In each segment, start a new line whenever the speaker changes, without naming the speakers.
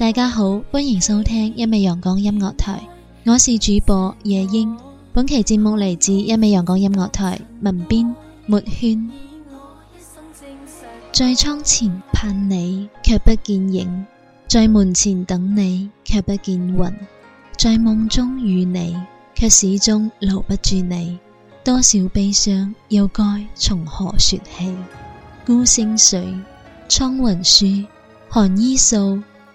大家好，歡迎收聽一米陽光音樂台，我是主播夜鶯。本期節目嚟自一米陽光音樂台。文編：沒圈。在窗前盼你，卻不見影；在門前等你，卻不見魂；在夢中遇你，卻始終留不住你。多少悲傷，又該從何說起？孤星水，蒼雲樹，寒衣瘦。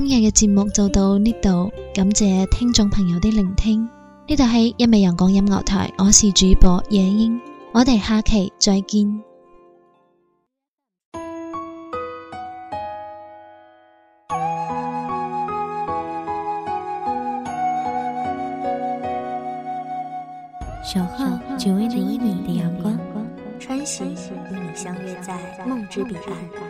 今日嘅節目就到呢度，感謝聽眾朋友的聆聽。呢度係一米陽光音樂台，我是主播夜鶯，我哋下期再見。
小賀，只為與你的一米陽光，穿行與你相約在夢之彼岸。